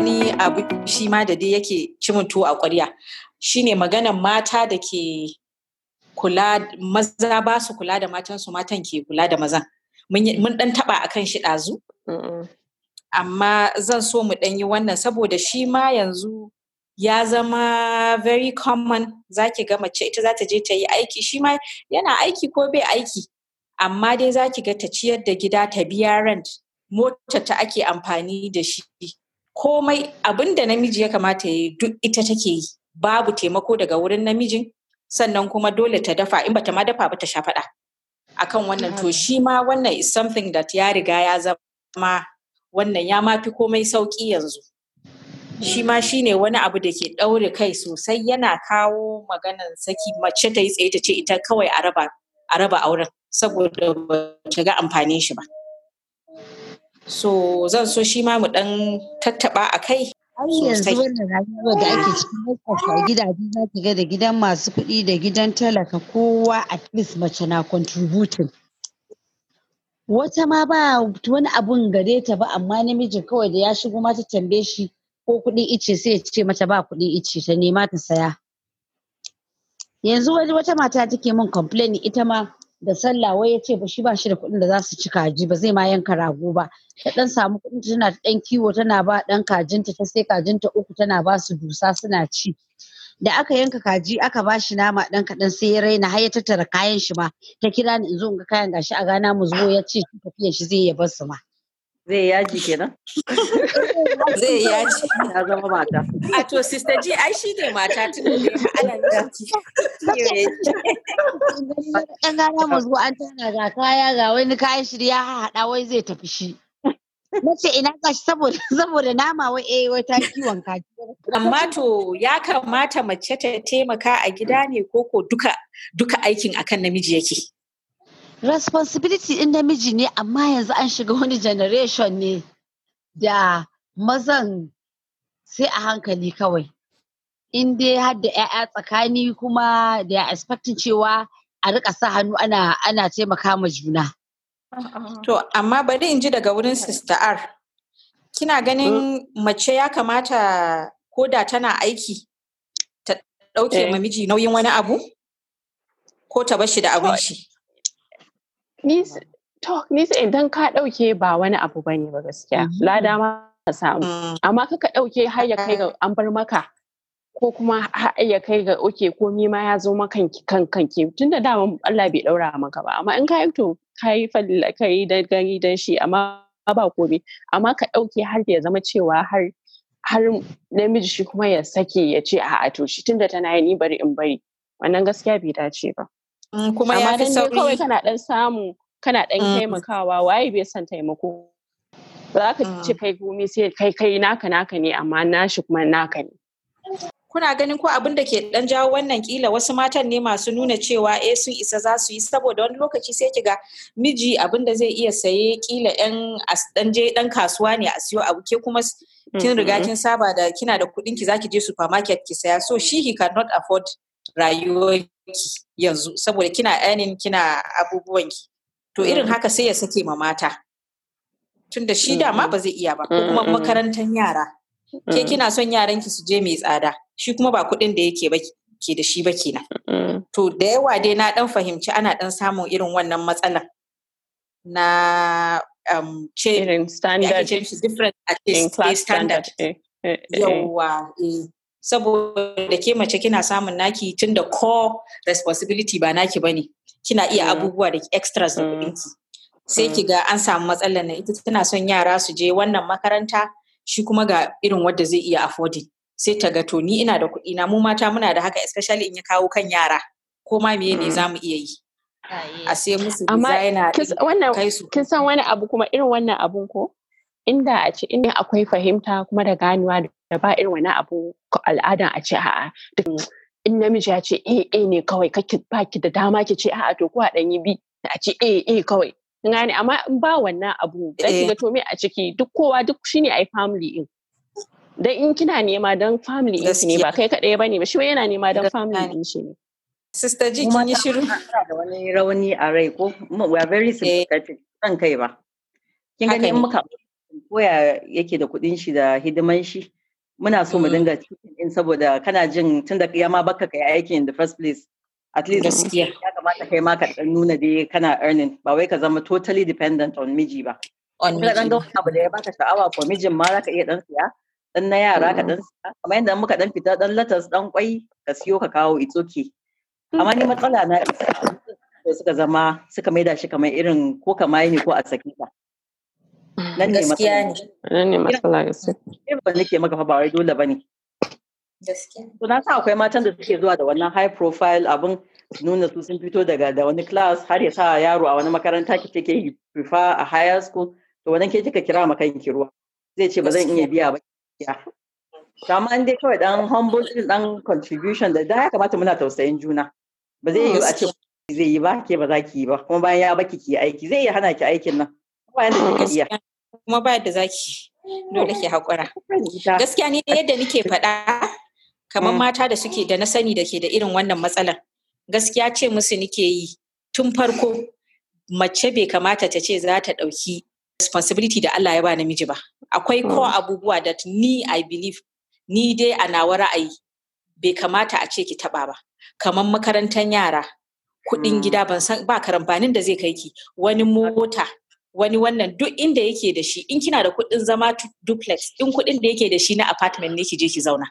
wani abu shi ma da dai yake tuwo a ƙwarya shine maganan mata da ke kula maza ba su kula da matansu matan ke kula da mazan mun dan taba akan shi ɗazu amma zan so mu ɗan yi wannan saboda shi ma yanzu ya zama very common za ki ga mace ita za ta je ta yi aiki shi ma yana aiki ko bai aiki amma dai za ki ga ta ciyar da gida ta biya rent motar ta ake amfani da shi komai abin da namiji ya kamata ya yi duk ita take yi babu taimako daga wurin namijin sannan kuma dole ta dafa in bata ma dafa ba ta sha faɗa akan wannan to shi ma wannan is something that ya riga ya zama wannan ya ma fi komai sauki yanzu shi ma mm. shi ne wani abu da ke ɗaure kai sosai yana kawo maganan saki mace ta yi tsaye ta ce ita kawai a raba auren saboda ba ta ga amfanin shi ba. so zan so shi ma mu dan tattaba a kai yanzu wannan rayuwar da ake cikin a gidaje za ki ga da gidan masu kuɗi da gidan talaka kowa at least mace na contributing wata ma ba wani abun gare ta ba amma namijin kawai da ya shigo ma ta tambaye shi ko kuɗin ice sai ya ce mata ba kuɗin ice ta nema ta saya yanzu wani wata mata take min complain ita ma da sallah wai ya ce ba shi ba shi da kuɗin da za su ci kaji ba zai ma yanka rago ba ta dan samu kuɗin tana dan kiwo tana ba dan kajinta ta sai kajinta uku tana ba su dusa suna ci da aka yanka kaji aka ba shi nama dan kaɗan sai ya raina har ya tattara kayan shi ma ta kira ni in zo in ga kayan gashi a gana mu zo ya ce tafiyar shi zai ya bar su ma Zai yaji kenan? Zai yaji. Ya zama mata. A to sister ji ai shi ne mata tun da ana yaji. Ɗan gana mu zo an tana ga kaya ga wani kayan shirya haɗa wai zai tafi shi. Mace ina ka shi saboda nama wai eh wai ta kiwon kaji. Amma to ya kamata mace ta taimaka a gida ne ko duka duka aikin akan namiji yake. responsibility in namiji ne amma yanzu an shiga wani generation ne da mazan sai a hankali kawai in dai har da 'ya'ya tsakani kuma da ya expecting cewa a rika sa hannu ana ana taimaka ma juna to amma bari in ji daga wurin sister r kina ganin eh. mace ya kamata ko da tana aiki ta ɗauke ma eh. miji nauyin wani abu ko ta bashi da abin to nisa idan ka ɗauke ba wani abu bane ne ba gaskiya mm-hmm. lada ma ka samu mm. amma ka ɗauke har ya kai ga eh. an bar maka ko kuma har ya kai ga oke ko ma ya zo maka kan tunda dama Allah bai ɗaura maka ba amma in ka yi to ka yi ka da gani dan shi amma ba kobe amma ka ɗauke har ya zama cewa har har namiji shi kuma ya sake ya ce a'a to shi tunda tana yi ni bari in bari wannan gaskiya bai dace ba Mm, kuma ya fi sauri kawai kana dan samu kana dan mm. taimakawa waye bai san taimako ba za ka ce mm. kai gumi sai kai kai naka naka ne amma shi kuma naka ne kuna ganin ko abin da ke dan jawo wannan kila wasu matan ne masu nuna cewa eh sun isa za su yi saboda wani lokaci sai kiga miji abin da zai iya saye kila yan dan je dan kasuwa ne a siyo abu ke kuma kin riga mm-hmm. kin saba da kina da kudin ki zaki je supermarket ki saya so shi he cannot afford rayuwa. yanzu saboda kina ainihin kina abubuwan ki to irin mm. haka sai ya sake ma mata tunda shi dama ba zai iya ba ko kuma makarantar yara ke kina son yaran ki su je mai tsada shi kuma ba kuɗin da yake ba ke da shi ba kenan to da yawa dai na dan fahimci ana dan samun irin wannan matsalan na um, ce irin standard different at eh, standard eh, eh, yawa saboda ke mace kina samun naki tun da core responsibility ba naki ba ne kina iya mm. abubuwa da extras da mm. kuɗinki sai mm. ki ga an samu matsalar na ita tana son yara su je wannan makaranta shi kuma ga irin wadda zai iya affording sai ta ga to ni ina da kuɗi na mu mata muna da haka especially in ya kawo kan yara ko ma meye ne za mu iya yi ah, a sai musu designer kai su kin san wani abu kuma irin wannan abun ko inda a ce inda akwai fahimta kuma da ganewa da ba irin wani abu al'adan a ce a'a mm. in namiji ya ce eh eh ne kawai kake baki da dama ke ce a'a to ko a dan yi bi a ce eh eh kawai gane amma in ba wannan abu dan kiga eh. to me a ciki duk kowa duk shine ai family din dan in kina nema dan family in ne ba kai kadai bane ba shi yana nema dan family din shi ne Sister ji kin yi shiru da wani rauni a rai ko we are very eh. sympathetic kan kai ba kin ga in muka koya yake da kuɗin shi da hidiman shi muna so mu mm. dinga cikin din saboda kana jin tunda da ya ma baka kai aiki in the first place at least gaskiya ya kamata kai ma ka dan nuna dai kana earning ba wai ka zama totally dependent on miji ba on miji dan abu da ya baka sha'awa ko mijin ma zaka iya dan siya dan na yara ka dan mm. siya kamar yadda muka dan fita dan latas dan kwai ka siyo ka kawo it's okay amma ni matsala na isa suka zama suka maida shi kamar irin ko ka ko a sakita Mm. nan ne gaskiya ne nan ne matsala gaskiya ba nake maka fa ba wai dole bane gaskiya to na sa akwai matan da suke zuwa da wannan high profile abin nuna su sun fito daga da wani class har ya sa yaro a wani makaranta ki take yi prefer a higher school to wannan ke kika kira ma kanki ruwa zai ce ba zan iya biya ba ta ma dai kawai dan humble din dan contribution da da ya kamata muna tausayin juna ba zai yi a ce zai yi ba ke ba za ki yi ba kuma bayan ya baki ki aiki zai iya hana ki aikin nan bayan da kika iya kuma ba da zaki dole ki haƙura gaskiya ne yadda nake faɗa kamar mm. mata da suke da na sani da ke da irin wannan matsalar gaskiya ce musu nike yi tun farko mace bai kamata ta ce za ta ɗauki responsibility da Allah ya ba namiji ba akwai ko mm. abubuwa da ni I believe ni dai a nawa ra'ayi bai kamata a ce ki taɓa ba kamar makarantar yara kuɗin mm. gida ban san ba karambanin da zai kai ki wani mota wani wannan duk inda yake da shi in kina da kuɗin zama duplex in kuɗin da yake da shi na apartment ne ki je ki zauna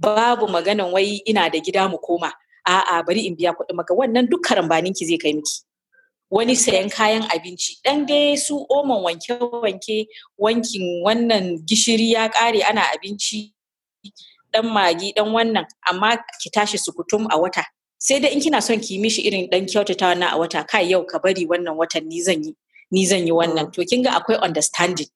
babu maganan wai ina da gida mu koma a'a bari in biya kuɗin maka wannan duk karambanin ki zai kai miki wani sayan kayan abinci ɗan dai su oman wanke-wanke wankin wannan gishiri ya ƙare ana abinci Ɗan magi dan wannan amma ki tashi sukutum a wata sai dai in kina son ki mishi irin dan kyautatawa na a wata kai yau ka bari wannan watan ni zan yi ni zan yi wannan mm. to kin ga akwai understanding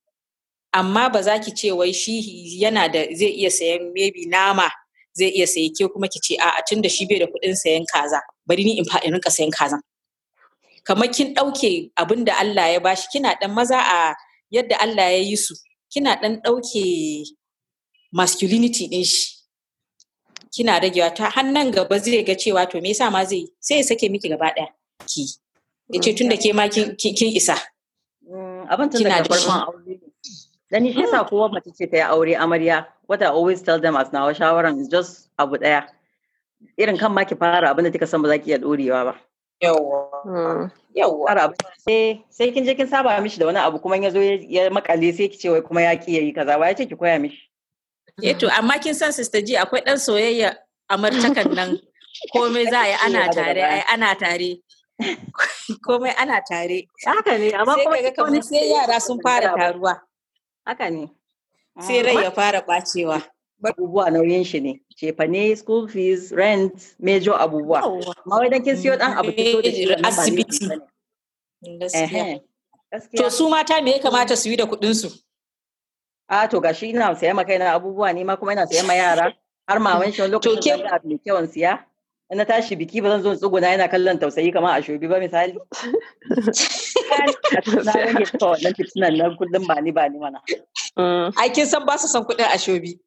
amma ba za ki ce wai shi yana da zai iya sayan maybe nama zai iya sayi ke kuma ki ce a tun da shi bai da kuɗin sayan kaza bari ni in fa in rinka sayan kazan kamar kin ɗauke abin da Allah ya bashi kina dan maza a yadda Allah ya yi su kina dan ɗauke masculinity din shi kina ragewa ta hannan gaba zai ga cewa to me yasa ma zai sai ya sake miki gaba ɗaya ki ya ce tunda ke ma kin isa mm, abin tun da farkon aure dan shi yasa kowa mace ce ta yi aure amarya what i always tell them as nawa shawaran is just abu ɗaya irin kan ma ki fara abin da kika san ba za ki iya dorewa ba yawwa mm. yawwa sai kin je kin saba mishi da wani abu kuma ya zo ya makale sai ki ce wai kuma ya ki yayi kaza wai ya ce ki koya mishi Eto, eh amma kin san Sister ji akwai ɗan soyayya a martakan nan komai za a yi ana tare, ai ana tare. Komai ana tare. Haka ne, amma kuma sai kamar sai yara sun fara taruwa. Haka ne. Sai rai ah, ya fara bacewa. Abubuwa nauyin shi ne, cefane, school fees, rent, major abubuwa. Ma wai dan kin siyo dan abu ki so da shi asibiti. To su mata me ya kamata su yi da kuɗinsu? su? a to gashi ina saya ma kaina abubuwa ne ma kuma ina saya ma yara har ma wani shawar lokacin da abu mai kyawun siya na tashi biki ba zan zo tsuguna yana kallon tausayi kamar a shobi ba misali na rage ta wannan fitinan nan kullum ba ni ba ni mana mm. ai kin san ba su san kuɗin a shobi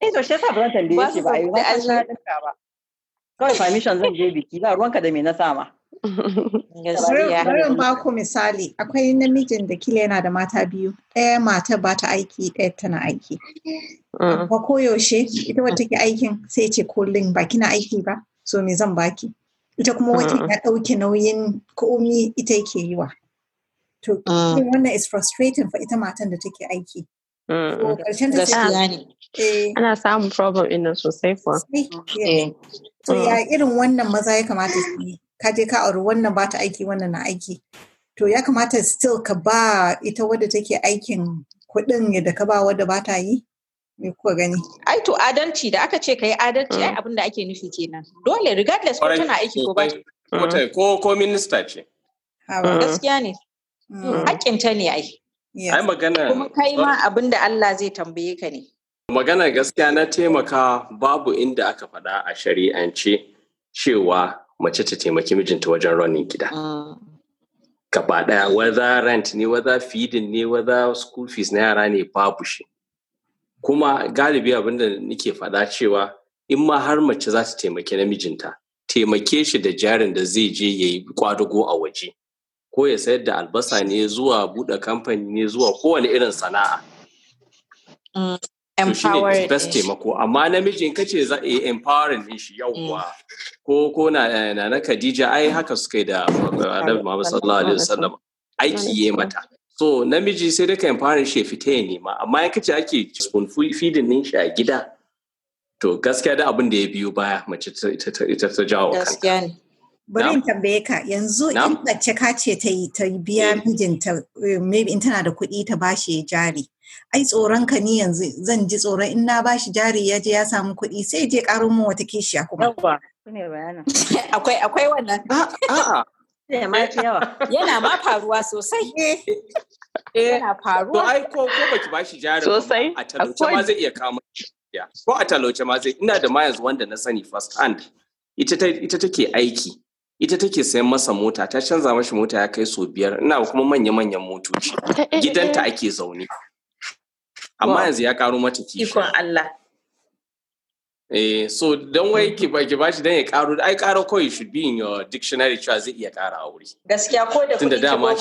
eh to shi yasa ba zan tambaye shi ba ai ba san ba kawai permission zan je biki ba ruwanka da me na sama bari ba ku misali, akwai namijin da kila yana da mata biyu, ɗaya mata ba ta aiki, ɗaya tana aiki. Ba mm. koyaushe, ita wata ke aikin sai ce kullum ba kina aiki ba, so me zan baki. Ita kuma wata ya ɗauke nauyin komi ita yake yi wa. To, mm. wannan is frustrating for ita matan da take aiki. Mm. Eh. Ana samun problem ina sosai kuwa. Eh. So, ya irin wannan maza ya kamata su yi. ka je ka auri wannan ba ta aiki wannan na aiki to ya kamata still ka ba ita wadda take aikin kuɗin da ka ba wadda ba ta yi me kuka gani ai to adalci da aka ce ka yi adalci ai mm. abin da ake nufi kenan dole regardless ko tana aiki ko ba ko ko minista ce mm. gaskiya ne mm. ta ne ai ai magana kuma kai ma abin da Allah zai tambaye ka ne magana gaskiya na taimaka babu inda aka faɗa a shari'ance cewa mace ta taimaki mijinta wajen running gida mm. gaba ɗaya waza rent ne waza feeding ne waza school fees na yara ne babu shi kuma galibi abin da nake faɗa cewa in ma har mace za ta taimaki namijinta taimake shi da jarin da zai je ya yi kwadugo a waje ko ya sayar da albasa ne zuwa buɗe kamfani ne zuwa kowane irin sana'a mm. empowering best taimako amma namiji in kace za a eh, empowering din shi yawwa mm. ko ko na eh, na Khadija ai haka suka yi da Annabi Muhammad sallallahu alaihi wasallam aiki yayi mata so namiji sai dai ka empowering shi fita ya nema amma in kace ake spoon feeding din shi a gida to gaskiya da abin da ya biyo baya mace ita ta jawo kanta bari in tambaye ka yanzu in mace ka ce ta yi ta biya eh. mijinta maybe in tana da kuɗi ta bashi jari ai tsoron ka ni yanzu zan ji tsoron in na bashi jari ya je ya samu kuɗi sai je karo mu wata kishiya kuma akwai akwai wannan a'a yana ma faruwa sosai eh. yana eh, faruwa to ai ko ko baki bashi jari sosai a talauce ma zai iya kama ko a talauce ma zai ina da ma yanzu wanda na sani first hand ita take aiki ita take sayan masa mota ta canza mashi mota ya kai sau biyar ina kuma manya-manyan motoci eh, gidanta ake zaune amma yanzu ya karo mata kishi ikon Allah eh so don wai mm-hmm. ki ba ki bashi dan ya karo ai karo kawai should be in your dictionary cewa zai iya kara aure gaskiya ko da kuɗi dama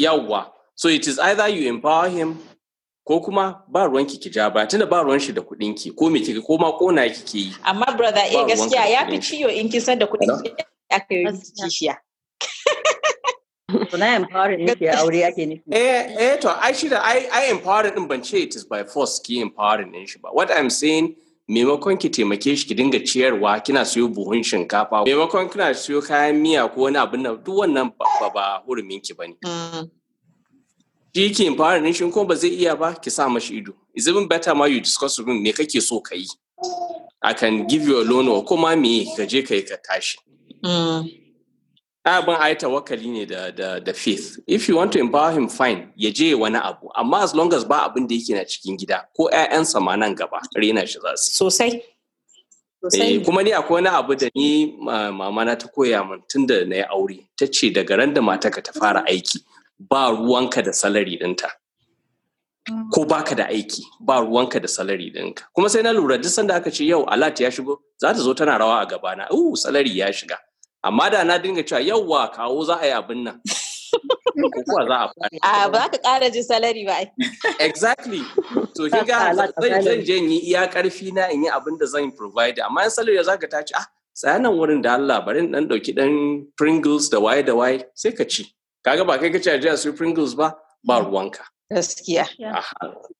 yawwa eh, so it is either you empower him ko kuma ba ruwan ki ja ba tunda ba ruwan shi da kuɗin ki ko me kike ko ma kona kike yi amma brother eh gaskiya ya fi ciyo in kin san da kuɗin ki aka yi kishiya Suna empowering nake aure ake nufi. Eh, eh, to, ai shi da ai, ai din ban ce it is by force ki empowering din shi ba. What I'm saying, maimakon ki taimake shi ki dinga ciyarwa kina siyo buhun shinkafa maimakon kina siyo kayan miya ko wani abin nan duk wannan ba ba hurumin ki bane mm. shi ki empowering din shi kuma ba zai iya ba ki sa mashi ido is even better ma you discuss with me kake so ka yi I can give you a loan or kuma me ka je kai ka tashi mm. abin ayi tawakkali ne da da da faith if you want to empower him fine ya je wani abu amma as long as ba abin da yake na cikin gida ko ƴaƴansa ma nan gaba rena shi za su sosai Eh, kuma ni akwai wani abu da ni mama na ta koya min tunda na yi aure ta ce daga ran da ka ta fara aiki ba ruwanka da salari dinta. ko baka da aiki ba ruwanka da salari dinka. kuma sai na lura duk sanda aka ce yau alat ya shigo za ta zo tana rawa a gabana uh salari ya shiga amma da na dinga cewa yawwa kawo za a yi abin nan kuwa za a fara a ba ka ƙara ji salari ba exactly To ki ga zan je yi iya karfi na in yi abin da zan provide amma in salary za ka tace ah tsayanan wurin da Allah bari in dan dauki dan Pringles da waye da waye sai ka ci kaga ba kai ka ci a jiya su Pringles ba ba ruwanka gaskiya ah,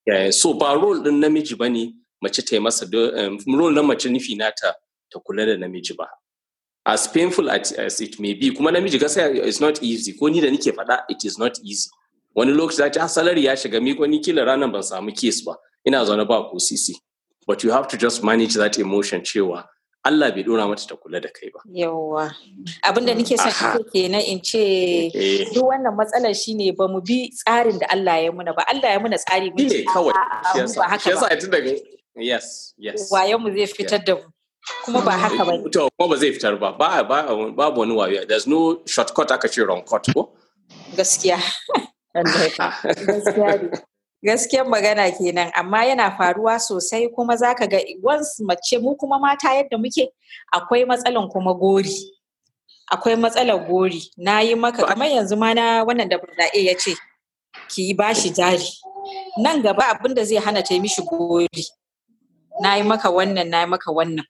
eh, so ba role din namiji bane mace ta yi masa eh, role na mace nufi nata ta kula da namiji ba as painful as it may be kuma namiji gaskiya it's not easy ko ni da nike faɗa it is not easy wani lokaci za ta salari ya shiga mi ko ni kila ranar ban samu case ba ina zaune ba ko sisi but you have to just manage that emotion cewa Allah bai dora mata ta kula da kai ba. Yawwa. Abinda nike son ke kenan in ce eh. duk wannan matsalar shine ba mu bi tsarin da Allah ya muna ba. Allah ya muna tsari mu ne kawai. Shi yasa ba tun daga yes yes. Waye mu zai fitar da mu. kuma ba haka ba to kuma ba zai fitar ba ba ba babu wani wayo there's no shortcut aka ce wrong cut ko gaskiya gaskiya magana kenan amma yana faruwa sosai kuma zaka ga once mace mu kuma mata yadda muke akwai matsalan kuma gori akwai matsalar gori na yi maka kamar yanzu ma na wannan da burdae ya ce ki yi shi jari nan gaba abin da zai hana ta mishi gori na yi maka wannan na yi maka wannan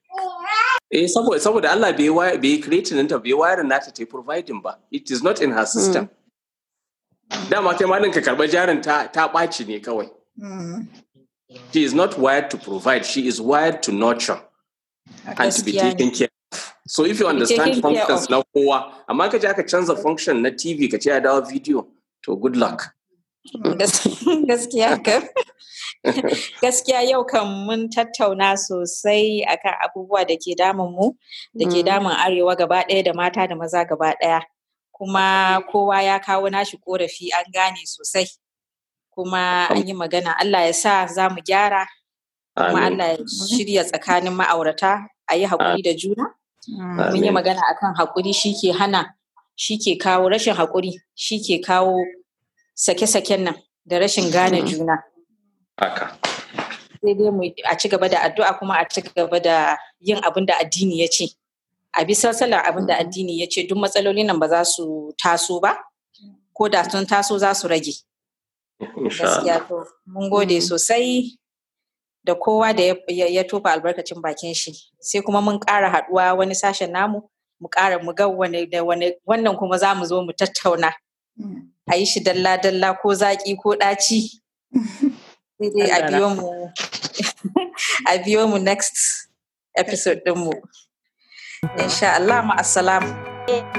eh saboda saboda Allah bai waya creating ɗinta bai wayar nata ta providing ba it is not in her system hmm. dama kai ma ka karɓa jarin ta ta ɓaci ne kawai hmm. she is not wired to provide she is wired to nurture and to be taken care So if you understand functions na kowa, amma ka je aka canza function na TV ka ce ya dawo video, to good luck. gaskiya gaskiya yau kan mun tattauna sosai akan abubuwa da ke damun mu da ke mm. damun arewa gaba ɗaya da mata da maza gaba ɗaya kuma mm. kowa ya kawo nashi korafi an gane sosai kuma an yi magana Allah ya sa za mu gyara kuma Allah ya shirya tsakanin ma'aurata a yi haƙuri da juna mun yi magana akan haƙuri shi ke hana shi ke kawo rashin haƙuri shi ke kawo sake-saken nan da rashin gane mm-hmm. juna. Haka. Sai dai mu a ci gaba da addu'a kuma a ci gaba da yin abin da addini ya ce. A bi salsalar abin da mm-hmm. addini ya ce duk matsalolin nan ba za su taso ba, ko da sun taso za su rage. mun gode mm-hmm. sosai da kowa da ya tofa albarkacin bakin shi. Sai kuma mun kara haɗuwa wani sashen namu, mu kara mu ga wannan kuma za mu zo mu tattauna. a yi shi dalla-dalla ko zaƙi ko ɗaci. a biyo mu next episode ɗinmu. Insha Allah Yeah.